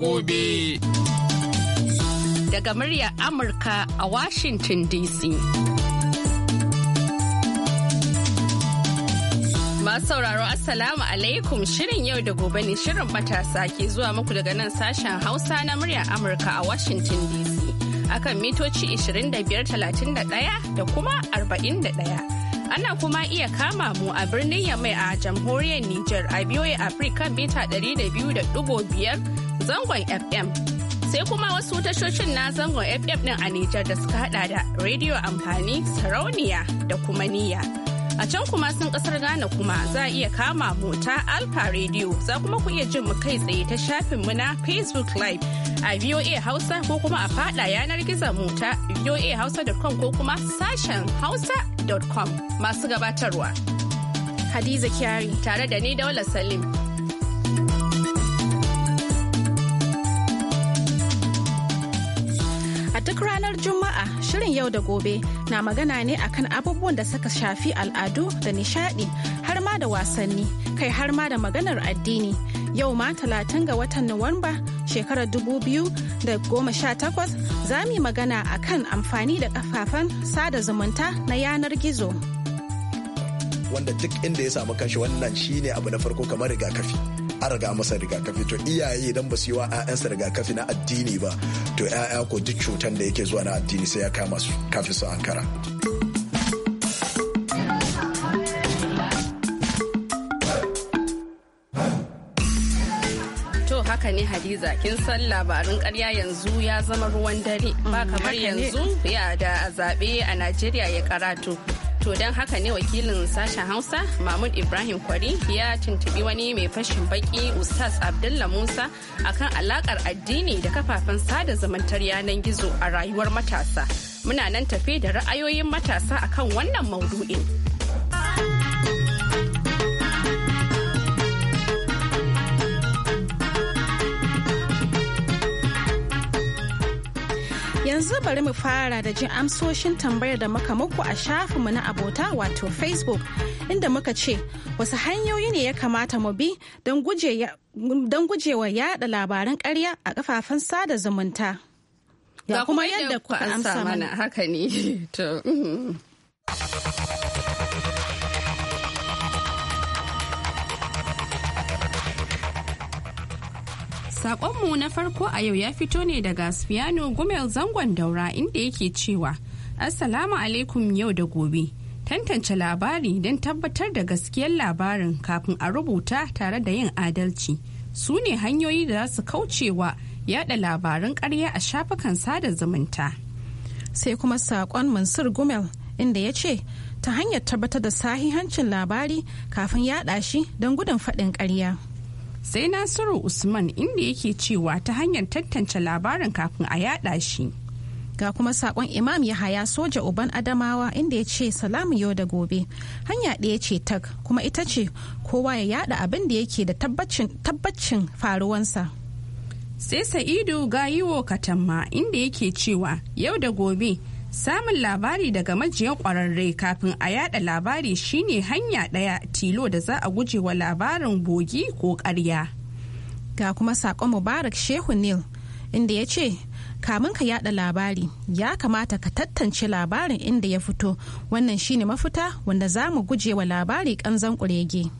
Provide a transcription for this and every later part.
gobe. Daga muryar Amurka a Washington DC. Masu sauraro Assalamu alaikum shirin yau da gobe ne shirin matasa ke zuwa muku daga nan sashen Hausa na muryar Amurka a Washington DC. Akan mitoci 25,31 da kuma 41. ana kuma iya kama mu a birnin yamai a jamhuriyar Nijar a biyoyi Afirka mita 200.5 zangon FM. Sai kuma wasu tashoshin na zangon FM din a Nijar da suka hada da rediyo amfani, sarauniya da kuma niyya. A can kuma sun kasar Ghana kuma za a iya kama mota Alfa Radio za kuma ku iya jin mu kai tsaye ta shafin mu na Facebook Live a VOA Hausa ko kuma a fada yanar gizon mu ta voahausa.com ko kuma sashen hausa.com masu gabatarwa. Hadiza Kyari tare da ni Daula Salim. jama'a shirin yau da gobe na magana ne akan abubuwan da suka shafi al'adu da nishadi har ma da wasanni kai har ma da maganar addini. Yau ma talatin ga watan Nuwamba shekarar dubu biyu da goma sha takwas za mu yi magana akan amfani da kafafen sada zumunta na yanar gizo. Wanda duk inda ya samu kashi wannan shine abu na farko kamar rigakafi. a riga masa rigakafi to iyaye idan ba su yi wa 'ya'yansa rigakafi na addini ba to 'ya'ya ko duk cutan da yake zuwa na addini sai ya kama su kafin su ankara. haka ne hadiza kin san labarin karya yanzu ya zama ruwan dare ba kamar yanzu ya da zaɓe a najeriya ya karatu To don haka ne wakilin sashen Hausa Mahmud Ibrahim Kwari ya tuntubi wani mai fashin baki Ustaz Abdullah Musa akan alakar addini da kafafen sada zumuntar yanar gizo a rayuwar matasa. Muna nan tafe da ra'ayoyin matasa akan wannan maudu'in. yanzu bari mu fara da jin amsoshin tambayar da muka muku a shafinmu na abota wato facebook inda muka ce wasu hanyoyi ne ya kamata mu bi don gujewa yada labaran karya a kafafen sada zumunta ga kuma yadda kuka amsa mana haka ne mhm. Sakonmu na farko a yau ya fito ne daga Spiano Gumel zangon daura inda yake cewa Assalamu alaikum yau da gobe. Tantance labari don tabbatar da gaskiyar labarin kafin a rubuta tare da yin adalci. Su ne hanyoyi da za su kauce wa yada labarin ƙarya a shafukan sada zumunta. Sai kuma saƙon Mansur Gumel inda ya ce ta hanyar tabbatar da sahihancin labari kafin yada shi don gudun faɗin ƙarya. sai nasiru usman inda yake cewa ta hanyar tantance labarin kafin a yada shi ga kuma sakon imam yahaya soja uban adamawa inda ya ce salamu yau da gobe hanya ɗaya ce tak kuma ita ce kowa ya yada abin da yake da tabbacin faruwansa sai sa'idu ga yiwo katamma inda yake cewa yau da gobe Samun labari daga majiyan kwararre kafin a yada labari shine hanya ɗaya tilo da za a gujewa labarin bogi ko ƙarya. Ga kuma saƙon Mubarak Shehu Nil inda ya ce, kamin ka yada labari ya kamata ka tattance labarin inda ya fito wannan shine mafita wanda za mu gujewa labari kanzan kurege.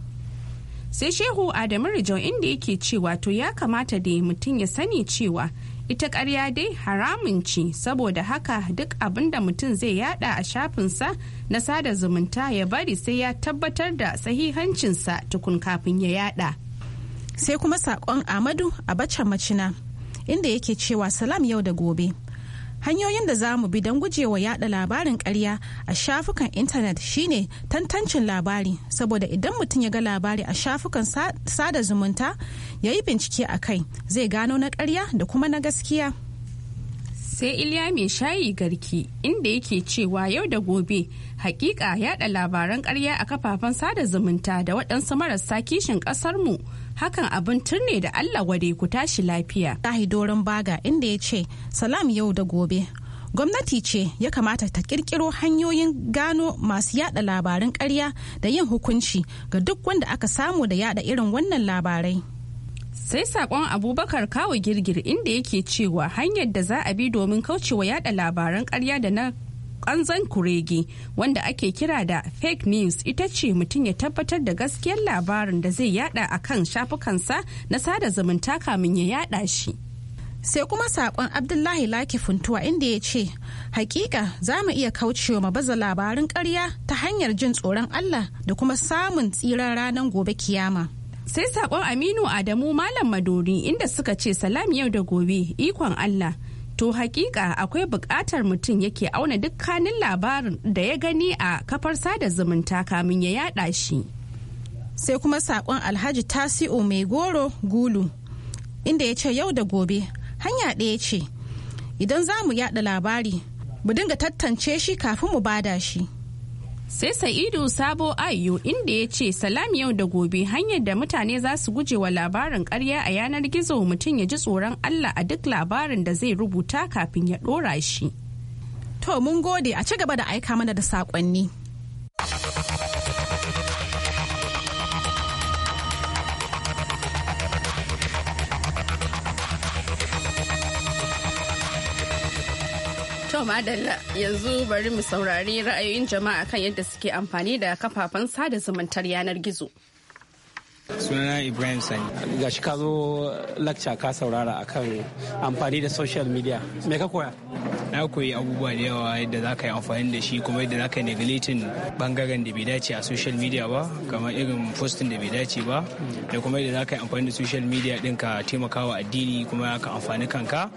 sai shehu adamu rijon inda yake cewa to ya kamata da mutum ya sani cewa ita karya dai haramun ce saboda haka duk abin da mutum zai yada a shafinsa na sada zumunta ya bari sai ya tabbatar da sahihancinsa tukun kafin ya yada sai kuma saƙon amadu a baccan macina inda yake cewa salam yau da gobe hanyoyin da za mu bi don gujewa yada labarin karya a shafukan intanet shine tantancin labari saboda idan mutum ya ga labari a shafukan sada zumunta ya yi bincike a kai zai gano na karya da kuma na gaskiya sai iliya mai shayi garki inda yake cewa yau da gobe hakika yada labaran karya a kafafen sada zumunta da waɗansu marasa kishin ƙasarmu mu hakan abin turne da Allah wade ku tashi lafiya. Tahi doron baga inda ya ce salam yau da gobe. Gwamnati ce ya kamata ta kirkiro hanyoyin gano masu yada labarin karya da yin hukunci ga duk wanda aka samu da yada irin wannan labarai. sai sakon abubakar kawo girgir inda yake cewa hanyar da za a bi domin kaucewa yada labaran karya da na kanzan kurege wanda ake kira da fake news ita ce mutum ya tabbatar da gaskiyar labarin da zai yada a kan shafukansa na sada zumunta kamin ya yada shi sai kuma sakon abdullahi laki funtuwa inda ya ce hakika za mu iya kaucewa baza labarin karya ta hanyar jin tsoron allah da kuma samun tsiran ranar gobe kiyama sai sakon aminu adamu malam madori inda suka ce salam yau da gobe ikon allah to hakika akwai buƙatar mutum yake auna dukkanin labarin da ya gani a kafar sada zumunta kamin ya yada shi sai kuma saƙon alhaji tasi'u mai goro gulu inda ya ce yau da gobe hanya ɗaya ce idan za mu yada labari mu dinga tattance shi kafin mu bada shi sai sa'idu sabo ayu inda ya ce salam yau da gobe hanyar da mutane za su guje wa labarin karya a yanar gizo mutum ya ji tsoron allah a duk labarin da zai rubuta kafin ya dora shi to mun gode a ci gaba da aika mana da saƙonni. To madalla yanzu bari mu saurari ra'ayoyin jama'a kan yadda suke amfani da kafafen sada zumuntar yanar gizo. sunana ibrahim sani gashi ka zo lakca ka saurara akan amfani da social media me ka koya na koyi abubuwa da yawa yadda za ka yi amfani da shi kuma yadda za ka yi negletin bangaren da bai dace a social media ba kamar irin postin da bai dace ba da kuma yadda za ka yi amfani da social media din ka taimakawa addini kuma ka amfani kanka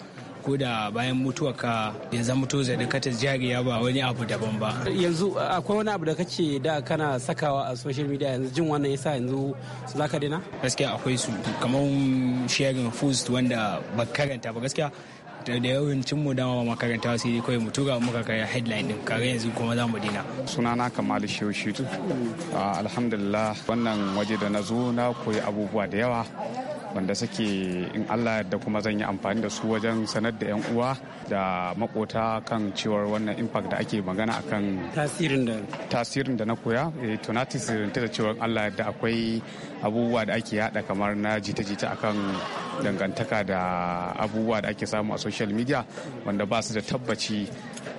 ko da bayan mutuwa ka ya zama to ta jariya ba wani abu daban ba yanzu akwai wani abu da kace da kana sakawa a social media yanzu jin wannan yasa yanzu su zaka daina gaskiya akwai su kamar sharing post wanda ba karanta ba gaskiya da da yawancin mu dama ba makaranta sai dai kawai mu tura muka kai headline din kare yanzu kuma za mu dina sunana kamal shehu tu alhamdulillah wannan waje da na zo na koyi abubuwa da yawa wanda suke in allah da kuma zan yi amfani da su wajen sanar da 'yan uwa da makota kan cewar wannan impact da ake magana akan tasirin da na koya eh, to na da cewar allah da akwai abubuwa da ake yada kamar na jita-jita akan dangantaka da abubuwa da ake samu a social media wanda ba su da tabbaci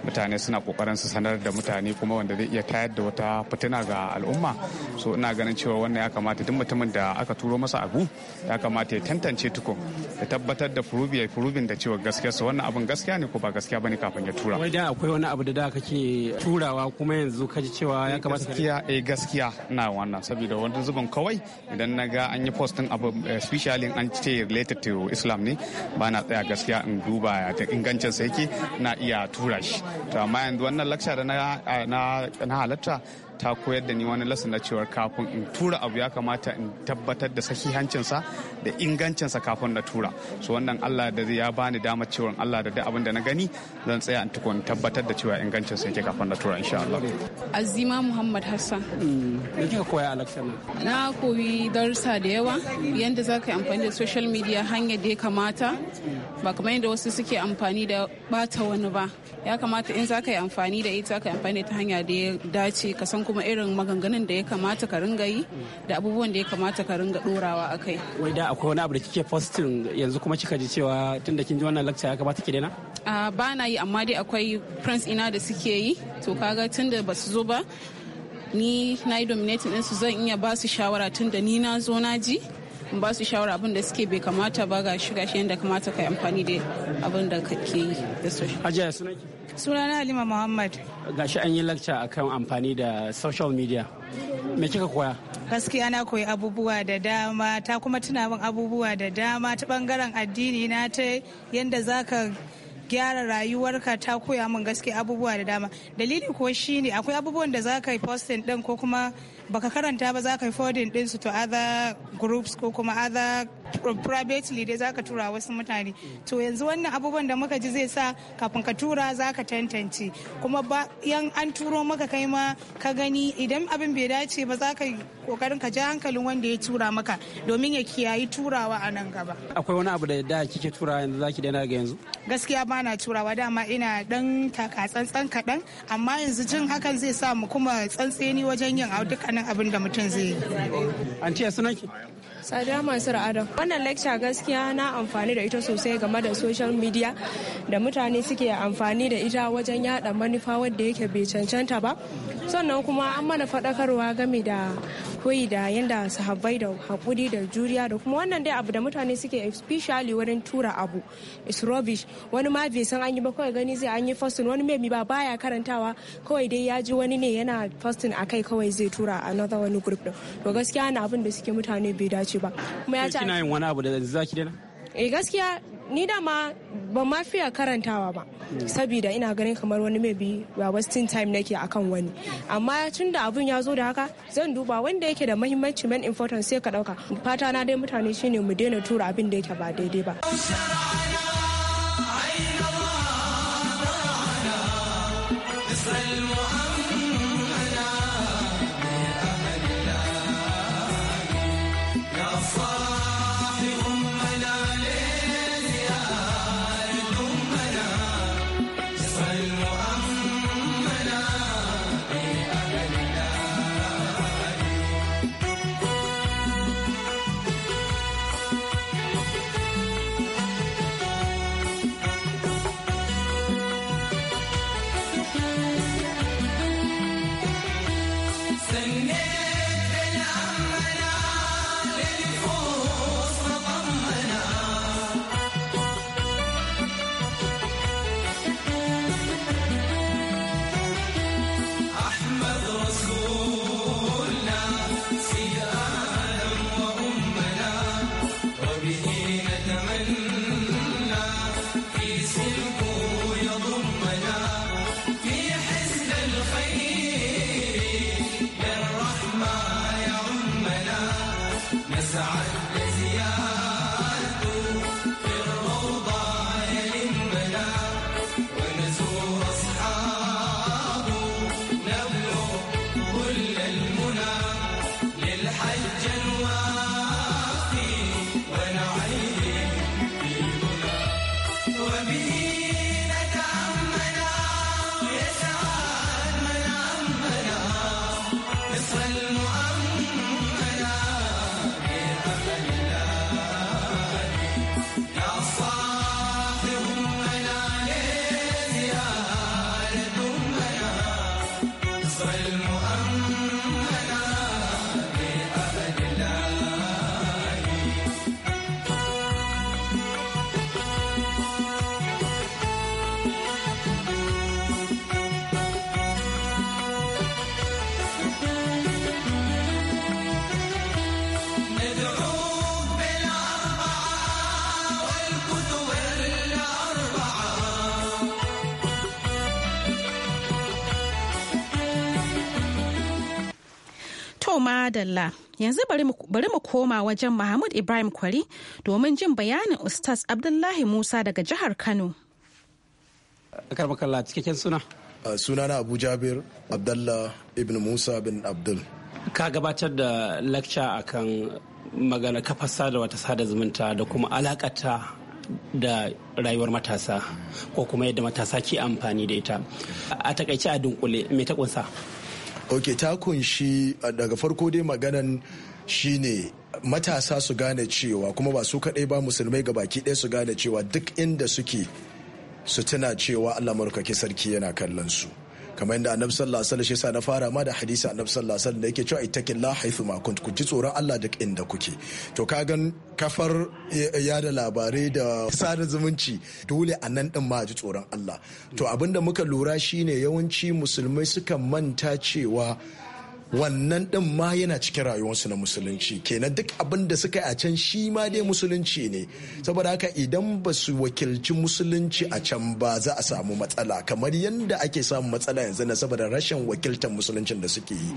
mutane suna kokarin su sanar da mutane kuma wanda zai iya tayar da wata fitina ga al'umma so ina ganin cewa wannan ya kamata duk mutumin da aka turo masa abu ya kamata ya tantance tukun ya tabbatar da furubi ya furubin da cewa gaskiya su wannan abin gaskiya ne ko ba gaskiya bane kafin ya tura wai da akwai wani abu da da kake turawa kuma yanzu kaji cewa ya kamata gaskiya eh gaskiya ina wannan saboda wani zubin kawai idan na ga an yi posting abu especially eh, an ce related to islam ne ba na tsaya gaskiya in duba da ingancin sa yake na iya tura shi to amma yanzu wannan lakca da na halatta ta koyar da ni wani lasin na cewar kafin in tura abu ya kamata in tabbatar da sahihancinsa da ingancinsa kafin na tura so wannan allah da ya bani damar cewar allah da duk abin da na gani zan tsaya in tukun tabbatar da cewa ingancinsa yake kafin na tura insha allah azima muhammad hassan da hmm, kika koya a na koyi darussa da yawa yadda za ka yi amfani da social media hanyar da ya kamata ba kamar yadda wasu suke amfani da bata wani ba ya kamata in za ka yi amfani da ita ka yi amfani ta hanya da ya dace ka san kuma irin maganganun da ya kamata ka ringa yi da abubuwan da ya kamata ka ringa dorawa a kai wai da akwai wani abu da kike fostin yanzu kuma kika ji cewa tun da kin ji wannan lecture ya kamata ki daina a ba na yi amma dai akwai prince ina da suke yi to kaga tun da basu zo ba ni na yi dominating su zan iya ba su shawara tun da ni na zo na ji in ba su shawara abin da suke bai kamata ba ga shi gashi yadda kamata ka yi amfani da abin da kake yi da su. sunana halima muhammad gashi an yi lakca akan amfani da social media me kika koya gaskiya na koyi abubuwa da dama ta kuma tuna min abubuwa da dama ta bangaren addini na ta yadda zaka gyara rayuwarka ta koya min gaskiya abubuwa da dama dalili kuwa shine akwai abubuwan da zaka yi posting din ko kuma baka karanta ba zaka yi forwarding din su to other groups ko kuma other privately dai zaka tura wasu mutane to yanzu wannan abubuwan da muka ji zai sa kafin ka tura zaka tantance kuma yan an turo maka kai ma ka gani idan abin bai dace ba za ka kokarin ka ji hankalin wanda ya tura maka domin ya kiyayi turawa a nan gaba akwai wani abu da da kike tura yanzu zaki daina ga yanzu gaskiya ba na turawa dama ina dan taka tsantsan kaɗan amma yanzu jin hakan zai sa mu kuma tsantseni wajen yin dukkanin abin da mutum zai yi an ce sunanki Sadiya Mansur Adam. Wannan lecture gaskiya na amfani da ita sosai game da social media da mutane suke amfani da ita wajen yada manufa wadda yake bai cancanta ba. Sannan kuma an mana faɗakarwa game da koyi da su sahabbai da hakuri da juriya da kuma wannan dai abu da mutane suke especially wurin tura abu is rubbish wani ma bai san an yi ba kawai gani zai an yi fasting wani mai ba baya karantawa kawai dai ya ji wani ne yana fasting akai kawai zai tura another wani group din to gaskiya na abin da suke mutane bai dace ba kuma ya ci eh, kina yin wani abu da zaki dana eh gaskiya ni dama ba ma fiya karantawa ba saboda ina ganin kamar wani mai bi ba wasting time nake akan wani amma tun da abun ya zo da haka zan duba wanda yake da mahimmanci man important sai ka dauka fata na dai mutane shine mu daina tura abin da yake ba daidai ba ma madalla yanzu bari mu koma wajen Mahmud Ibrahim Kwari domin jin bayanin Ustaz Abdullahi Musa daga jihar Kano. cikakken suna. Sunana Abu Jabir Abdullah Ibn Musa bin Abdul. Ka gabatar da lakca akan magana kafar da wata sada zumunta da kuma alakata da rayuwar matasa ko kuma yadda matasa ke amfani da ita. A takaice a dunkule mai ta kunsa? ok ta kunshi daga farko dai maganan shine matasa su gane cewa kuma ba su kaɗai ba musulmai ga baki ɗaya su gane cewa duk inda suke su tuna cewa allah marukaki sarki yana kallon su kamar yadda annabi sallallahu alaihi wasallam shi yasa na fara ma da hadisi annabi sallallahu alaihi wasallam da yake cewa ittaqilla haythu ma kunt ku ji tsoron Allah duk inda kuke to ka gan kafar yada labarai da sada zumunci dole a nan din ma ji tsoron Allah to abinda muka lura shine yawanci musulmai suka manta cewa wannan din ma yana cikin rayuwarsu na musulunci kenan duk abin da suka yi a can shi ma dai musulunci ne saboda haka idan ba su wakilci musulunci a can ba za a samu matsala kamar yadda ake samun matsala yanzu na saboda rashin wakiltar musuluncin da suke yi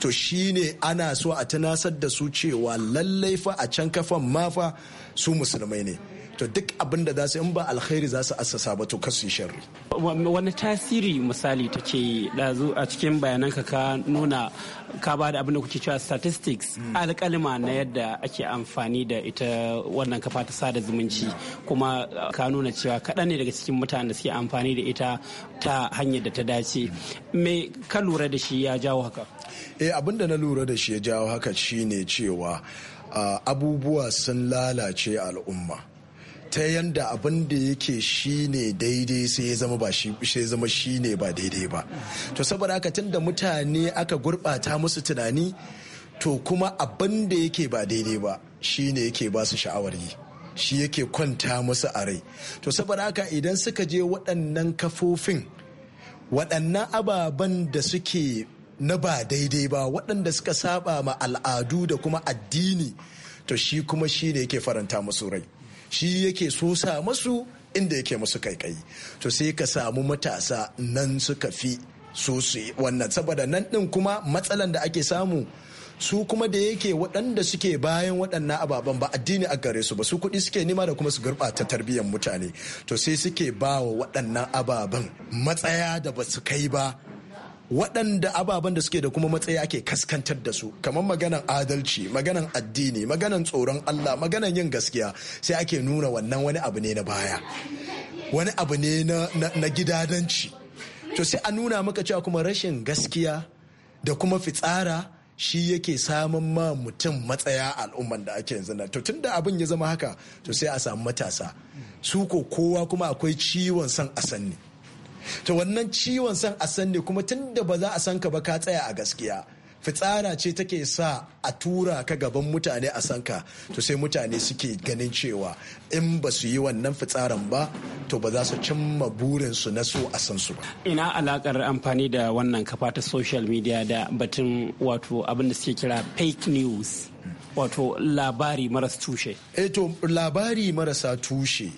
to shine ana so a tunasar da su cewa lallai fa a can kafan ma fa su musulmai ne to duk abin da za su in ba alkhairi za su assasa ba to kasu sharri wani tasiri misali take dazu a cikin bayananka ka nuna ka ba da abin da kuke cewa statistics hmm. alkalima na yadda ake amfani da ita wannan kafa ta sada zumunci kuma uh, ka nuna cewa kaɗan ne daga cikin mutanen da suke amfani da ita ta hanyar da ta dace hmm. me ka lura da shi ya jawo haka eh abin da na lura da shi ya jawo haka shine cewa uh, abubuwa sun lalace al'umma ta yanda abin da yake shi ne daidai sai ya zama shi sai zama shi ne ba daidai ba to saboda haka tunda mutane aka gurɓata musu tunani to kuma abin da yake ba daidai ba shi ne yake ba su sha'awar yi shi yake kwanta musu a rai to saboda haka idan suka je waɗannan kafofin waɗannan ababen da suke na ba daidai ba waɗanda suka saba ma al'adu da kuma addini to shi kuma shi ne yake faranta musu rai shi yake so sa masu inda yake musu kaikayi to sai ka samu matasa nan suka fi so su wannan saboda nan din kuma matsalan da ake samu su kuma da yake waɗanda suke bayan waɗannan ababen ba addini a gare su ba su kuɗi suke nema da kuma su gurɓata tarbiyyar mutane to sai suke ba wa waɗannan ababen matsaya da ba su kai ba waɗanda ababen da suke da kuma matsayi ake kaskantar da su kamar maganan adalci maganan addini maganan tsoron Allah maganan yin gaskiya sai ake nuna wannan wani abu ne na baya wani abu ne na, na gidadanci to sai a nuna maka cewa kuma rashin gaskiya da kuma fitsara shi yake samun ma mutum matsaya al'umman da ake yanzu nan to tunda abin ya zama haka to sai a samu matasa su ko kowa kuma akwai ciwon son asanni to wannan ciwon san a san ne kuma tun da ba za a san ka ba ka tsaya a gaskiya fitsara ce take sa a tura ka gaban mutane a san ka to sai mutane suke ganin cewa in ba su yi wannan fitsaran ba to ba za su cimma burinsu na so a san su ba ina alakar amfani da wannan kafa ta social media da batun wato abin da suke kira fake news wato labari maras tushe eh to labari marasa tushe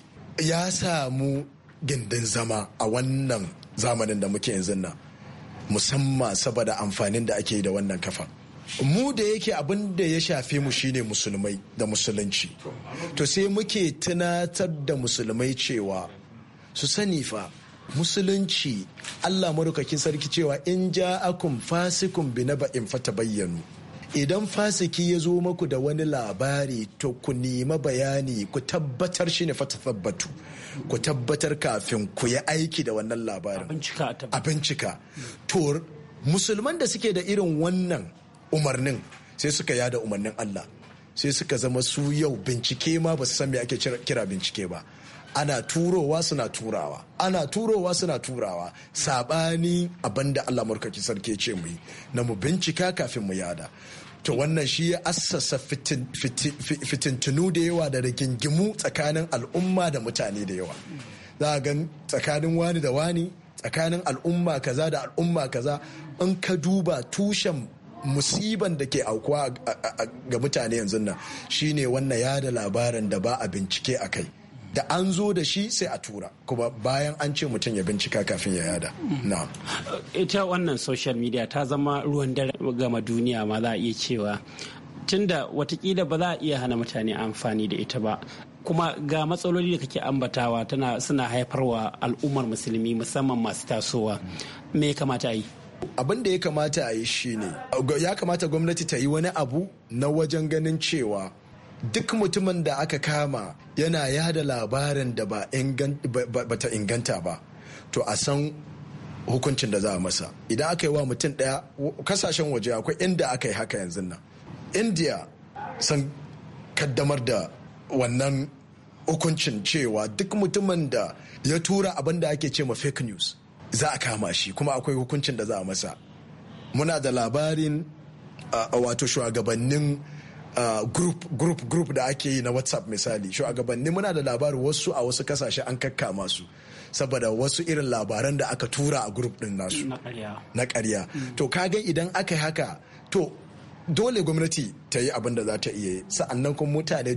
ya samu gindin zama a wannan zamanin da muke yanzu nan musamman saboda amfanin da ake yi da wannan kafa mu da yake abin da ya shafe mu shine musulmai da musulunci to sai muke tunatar da musulmai cewa su sani fa musulunci allah marukakin sarki cewa in ja'akum fasikun bi na ba'in fata bayyanu idan fasiki ya zo maku da wani labari to ku nema bayani ku tabbatar shi ne fata tabbatu ku tabbatar kafin ku yi aiki da wannan labarin a bincika to musulman da suke da irin wannan umarnin sai suka yada umarnin Allah sai suka zama su yau bincike ma ba su san me ake kira bincike ba ana turowa suna turawa ana turowa suna turawa sabani abin da Allah murkaki sarki ce mu yi na mu bincika kafin mu yada to wannan shi ya assasa fitintunu da yawa da rigingimu tsakanin al'umma da mutane da yawa za a gan tsakanin wani da wani tsakanin al'umma kaza da al'umma kaza in ka duba tushen musiban da ke aukuwa ga mutane yanzu nan shine wannan yada labarin da ba a bincike a kai da an zo da shi sai a tura kuma bayan an ce mutum ya bincika kafin ya yada na eh, ita wannan social media ta zama ruwan dare gama duniya ma za a iya cewa tunda watakila ba za a iya hana mutane amfani da ita ba kuma ga matsaloli da kake ambatawa tana suna haifarwa al'ummar musulmi musamman masu tasowa me kamata yi abin da ya kamata a yi shine ya kamata gwamnati ta yi wani abu na wajen ganin cewa duk mutumin da aka kama yana yada labarin da ba ta inganta ba to a san hukuncin da za a masa idan aka yi wa mutum daya kasashen waje akwai inda aka yi haka yanzu nan india sun kaddamar da wannan hukuncin cewa duk mutumin da ya tura abin da ake ce ma fake news za a kama shi kuma akwai hukuncin da za a masa muna da labarin wato shugabannin Uh, group group group da ake yi na whatsapp misali shugabanni muna da labarin wasu a wasu kasashe an kakka masu. saboda wasu irin labaran da aka tura a group din nasu na karya to kaga idan aka yi haka to dole gwamnati ta yi abin da za ta iya sa'annan kuma mutane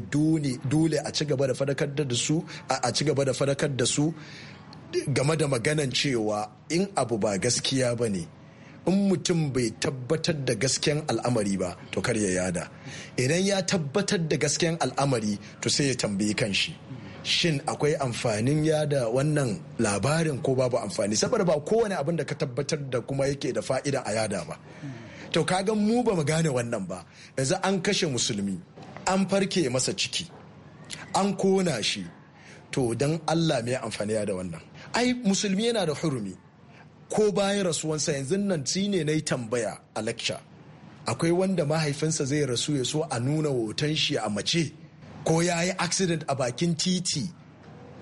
dole a ci gaba da fadakar da su a ci gaba da fadakar da su game da maganan cewa in abu ba gaskiya ba ne in mutum bai tabbatar da gasken al'amari ba to kar ya yada idan ya tabbatar da gasken al'amari to sai ya tambayi kanshi shin akwai amfanin yada wannan labarin ko babu amfani saboda ba kowane abin da ka tabbatar da kuma yake da fa'ida a yada ba to ka mu ba mu gane wannan ba yanzu an kashe musulmi an farke masa ciki an kona shi to don allah mai amfani da wannan ai musulmi yana da hurumi ko bayan rasuwansa yanzu nan shi ne na yi tambaya a lecture akwai wanda mahaifinsa zai rasu ya so a nuna hoton shi a mace ko ya yi accident a bakin titi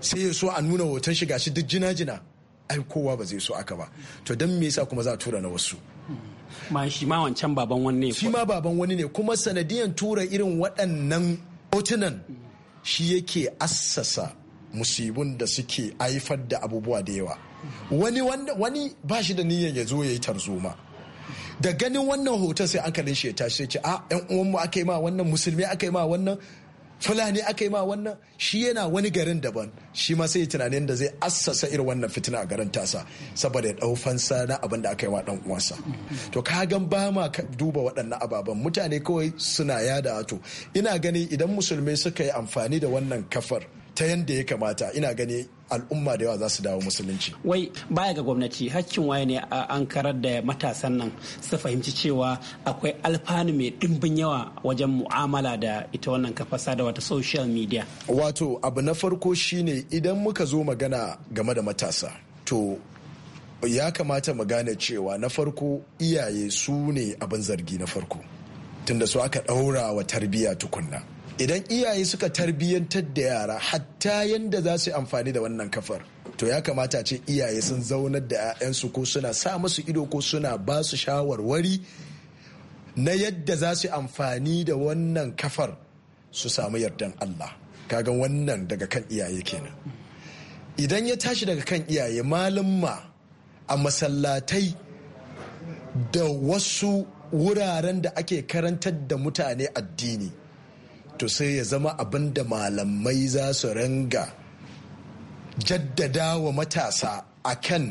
sai ya so a nuna hoton shi gashi duk jina-jina ai kowa ba zai so aka ba to don me yasa kuma za a tura na wasu ma shi ma wancan baban wani ne shi ma baban wani ne kuma sanadiyan tura irin waɗannan hotunan shi yake assasa musibun da suke haifar da abubuwa da yawa wani wani ba shi da niyyar ya zo ya yi tarzoma da ganin wannan hoton sai kalli shi ya tashi ce a ah, yan uwan aka yi ma wannan musulmi aka yi ma wannan fulani aka yi ma wannan shi yana wani garin daban shi ma sai tunanin da zai assasa irin wannan fitina a garin tasa saboda ya dau fansa na abin da aka yi wa dan uwansa to ka gan ba ma duba waɗannan ababen mutane kawai suna yada to ina ganin idan musulmai suka yi amfani da wannan kafar ta yadda ya kamata ina gani al'umma da yawa za su dawo musulunci. Wai baya ga gwamnati hakkin waye ne a an karar da matasan nan su fahimci cewa akwai alfanu mai ɗimbin yawa wajen mu'amala da ita wannan kafasa da wata social media. Wato abu na farko shine idan muka zo magana game da matasa to ya kamata mu gane cewa na farko iyaye su ne abin zargi na farko tunda su aka ɗaura wa tarbiyya tukunna. idan iyaye suka tarbiyyantar da yara hatta yadda za su yi amfani da wannan kafar to ya kamata ce iyaye sun zaunar da 'ya'yansu ko suna sa musu ido ko suna ba su shawarwari na yadda za su amfani da wannan kafar su samu yardan Allah kaga wannan daga kan iyaye kenan idan ya tashi daga kan iyaye malamma a masallatai da wasu wuraren da ake karantar da mutane addini to sai ya zama abin da malamai za su ringa jaddada wa matasa akan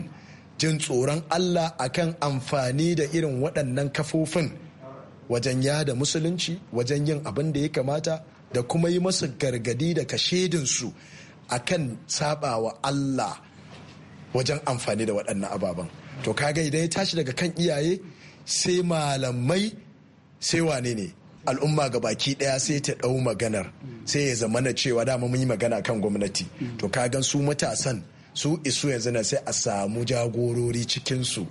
jin tsoron Allah akan amfani da irin waɗannan kafofin wajen yada musulunci wajen yin abin da ya kamata da kuma yi masu gargadi da kashedinsu akan wa Allah wajen amfani da waɗannan ababen to kaga idan ya tashi daga kan iyaye sai malamai sai wane ne al'umma ga baki daya sai ta dau maganar sai ya zama na cewa dama mun yi magana kan gwamnati to ka gan su matasan su isu yanzu na sai a samu jagorori cikin su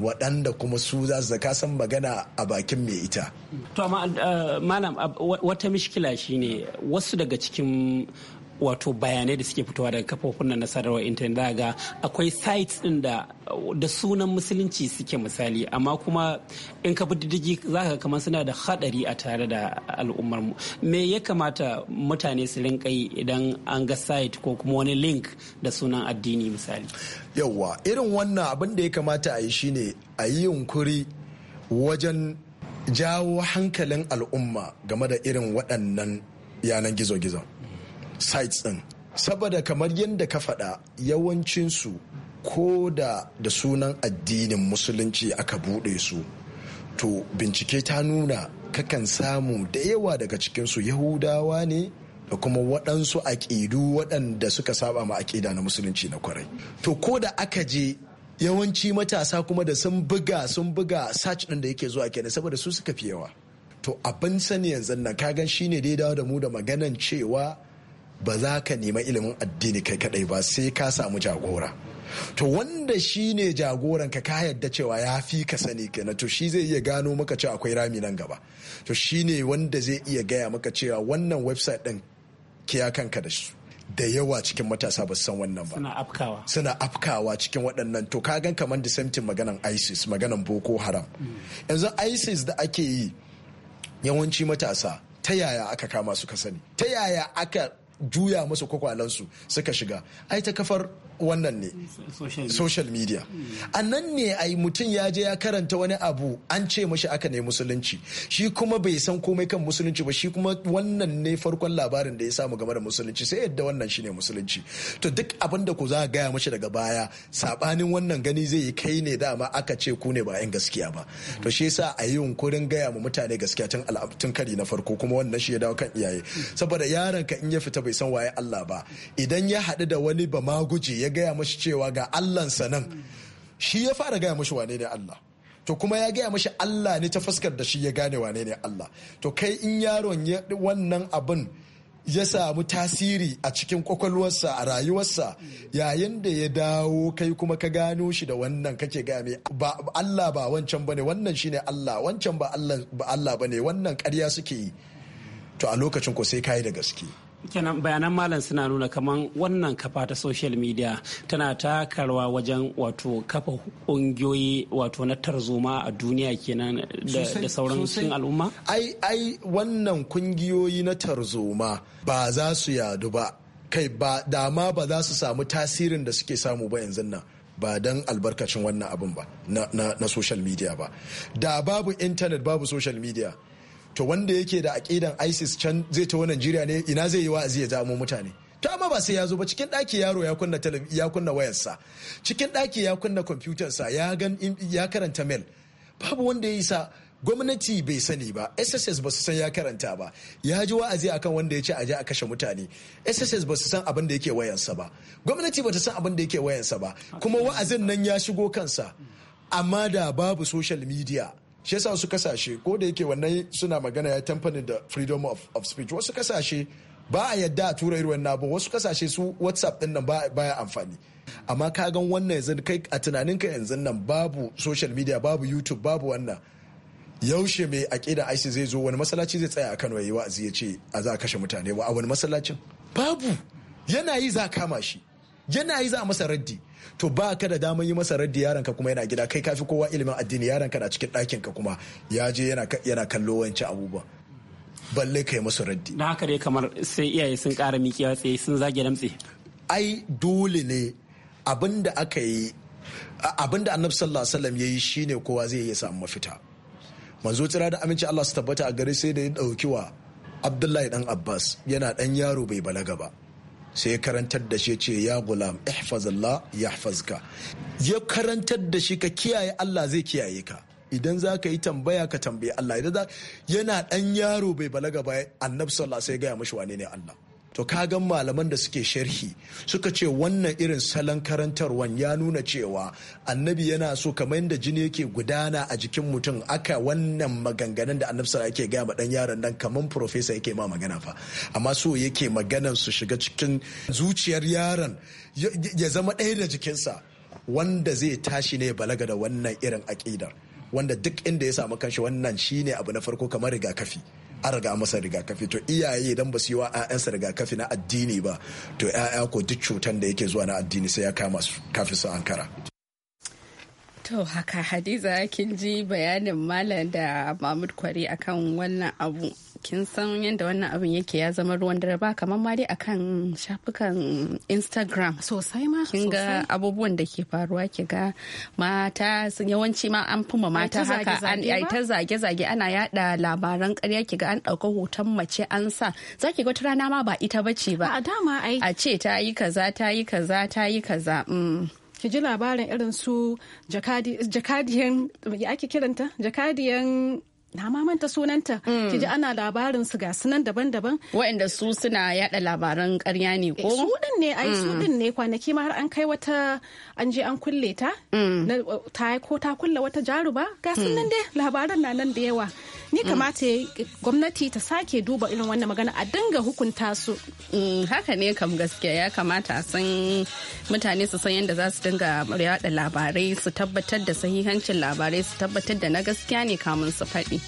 waɗanda kuma su za su zaka san magana a bakin mai ita. To eh, malam wata mishkila shine wasu daga cikin wato bayanai da suke fitowa daga kafofin na sadarwar intanet za ga akwai sites din da da sunan musulunci suke misali amma kuma in ka diddigi za ka kamar suna da hadari a tare da al'ummar mu me ya kamata mutane su rinka yi idan an ga site ko kuma wani link da sunan addini misali yawwa irin wannan abin da ya kamata a yi shine a yi yunkuri wajen jawo hankalin al'umma game da irin waɗannan yanan gizo-gizo sites din saboda kamar yadda ka faɗa yawancinsu ko da da sunan addinin musulunci aka buɗe su to bincike ta nuna kakan samu da yawa daga cikinsu yahudawa ne da kuma waɗansu aƙidu waɗanda suka saba ma aƙida na musulunci na kwarai to ko da aka je yawanci matasa kuma da sun buga sun buga search ɗin da yake zuwa kenan saboda su suka fi yawa to abin sani yanzu nan kagan shine dai dawo da mu da maganan cewa ba za ka nema ilimin addini kai kadai ba sai ka samu jagora to wanda shi ne jagoran ka yadda cewa ya fi ka sani kenan to shi zai iya gano maka cewa akwai rami nan gaba to shi ne wanda zai iya gaya maka cewa wannan website din kiya kanka da su da yawa cikin matasa ba san wannan ba suna afkawa suna afkawa cikin waɗannan to ka gan kamar da samtin maganan isis maganan boko haram mm. yanzu isis da ake yi yawanci matasa ta yaya aka kama su ka sani ta yaya aka juya musu kwakwalansu suka shiga ai ta kafar wannan ne social media a nan ne yi mutum ya je ya karanta wani abu an ce mashi aka ne musulunci shi kuma bai san komai kan musulunci ba shi kuma wannan ne farkon labarin da ya samu game da musulunci sai yadda wannan shi ne musulunci to duk abin da ku za a gaya mashi daga baya sabanin wannan gani zai yi kai ne dama aka ce ku ne ba yan gaskiya ba to shi yasa a yi yunkurin gaya ma mutane gaskiya tun tun kari na farko kuma wannan shi ya dawo kan iyaye saboda yaron ka in ya fita bai san waye Allah ba idan ya haɗu da wani ba ma guje ya ya gaya mashi cewa ga allansa nan shi ya fara gaya mashi wane ne allah to kuma ya gaya mashi allah ne ta fuskar da shi ya gane wane ne allah to kai in yaron wannan abin ya samu tasiri a cikin kwakwalwarsa a rayuwarsa yayin da ya dawo kai kuma ka gano shi da wannan kake gaya mai ba Allah ba wancan bane wannan shine Allah wancan ba Allah bane wannan ƙarya suke yi to a lokacin ko sai kayi da gaske kenan bayanan malam suna nuna kaman wannan kafa ta social media tana takarwa wajen wato kafa ƙungiyoyi wato na tarzoma a duniya kenan da sauran cikin al'umma ai ai wannan kungiyoyi na tarzoma ba za su yadu ba kai ba dama ba za su samu tasirin da suke samu ba yanzu nan ba dan albarkacin wannan abin ba na, social media ba da babu intanet babu social media to wanda yake da aƙidan isis can zai ta wani najeriya ne ina zai yi wa'azi ya zamo mutane to amma ba sai ya zo ba cikin ɗaki yaro ya kunna ya kunna wayarsa cikin ɗaki ya kunna kwamfutarsa ya gan ya karanta mail babu wanda ya sa gwamnati bai sani ba sss ba su san ya karanta ba ya ji wa'azi akan wanda ya ce a je a kashe mutane sss ba su san abin da yake wayansa ba gwamnati ba ta san abin da yake wayansa ba kuma wa'azin nan ya shigo kansa amma da babu social media shi yasa wasu kasashe ko da yake wannan suna magana ya tamfanin da freedom of, of speech wasu kasashe ba a yadda a tura irin wannan wasu kasashe su whatsapp din nan baya amfani amma ka gan wannan yanzu kai a tunanin ka yanzu nan babu social media babu youtube babu wannan yaushe mai aƙida ice zai zo wani masallaci zai tsaya a kano yayi wa'azi ya ce a za a kashe mutane ba a wani masallacin babu yana yi za kama shi yana yi za a masa raddi to ba ka da damar yi masa raddi yaron ka kuma yana gida kai kafi kowa ilimin addini yaron ka na cikin ɗakin ka kuma ya je yana kallo wancan abubuwa balle yi masa raddi na haka dai kamar sai iyaye sun ƙara mikiya tsaye sun zage damtse ai dole ne abinda da aka yi abinda annabi sallallahu alaihi wasallam yayi shine kowa zai iya samu mafita manzo tsira da aminci Allah su tabbata a gare sai da ya dauki wa Abdullahi dan Abbas yana dan yaro bai balaga ba sai ya karantar da shi ce ya gulam ihfazallah yahfazka ya karantar da shi ka kiyaye Allah zai kiyaye ka idan za ka yi tambaya ka tambayi Allah idan yana dan yaro bai balaga ba annabi sallallahu alaihi wasallam sai ya gaya mashi wane ne Allah to kagan malaman da suke sharhi suka ce wannan irin salon karantarwan ya nuna cewa annabi yana so kamar yadda jini yake gudana a jikin mutum aka wannan maganganun da annabi sa yake gaya ma dan yaron nan kamar profesa yake ma magana fa amma so yake maganan su shiga cikin zuciyar yaron ya zama ɗaya da jikinsa wanda zai tashi ne balaga da wannan irin aƙidar wanda duk inda ya samu kanshi wannan shine abu na farko kamar rigakafi an riga masa rigakafi to iyaye idan ba su yi wa 'ya'yansa rigakafi na addini ba to 'ya'ya ko duk cutar da yake zuwa na addini sai ya kama su kafin su ankara To haka Hadiza kin ji bayanin malam da Mahmud Kwari akan wannan abu. kin san yadda wannan abin yake ya zama ruwan dare ba kamar ma dai akan shafukan instagram sosai ma kin ga abubuwan da ke faruwa ki ga mata yawanci ma an fuma mata haka ai ta zage-zage ana yada labaran karya ki ga an dauka hoton mace an sa zaki ga wata rana ma ba ita bace ba a dama ai a ce ta yi kaza ta yi kaza ta yi kaza mm. ki ji labarin irin su jakadiyan ya ake kiranta jakadiyan na mamanta sunanta mm. ki ji ana labarin su ga sunan daban-daban waɗanda su suna yada labaran ƙarya ne ko eh, su din ne ai su din mm. ne kwanaki ma har an kai wata an je an kulle ta mm. ta ko ta kulle wata jaruba ga sunan dai labaran na nan da yawa ni mm. kamata gwamnati ta sake duba irin wannan magana a dinga hukunta su mm, haka ne kam gaskiya ya kamata a san mutane su san yadda za su dinga yada labarai su tabbatar da sahihancin labarai su tabbatar da na gaskiya ne kamun su faɗi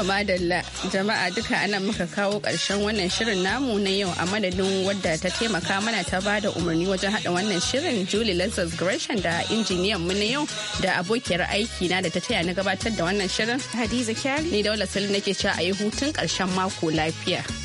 To madalla jama'a duka anan muka kawo ƙarshen wannan shirin namu na yau a madadin wadda ta taimaka mana ta ba da umarni wajen haɗa wannan shirin Julie Lazarus Gresham da injiniyan mu na yau da abokiyar aiki na da ta taya na gabatar da wannan shirin. Hadiza Kyari. Ni Daula salin nake cewa a yi hutun karshen mako lafiya.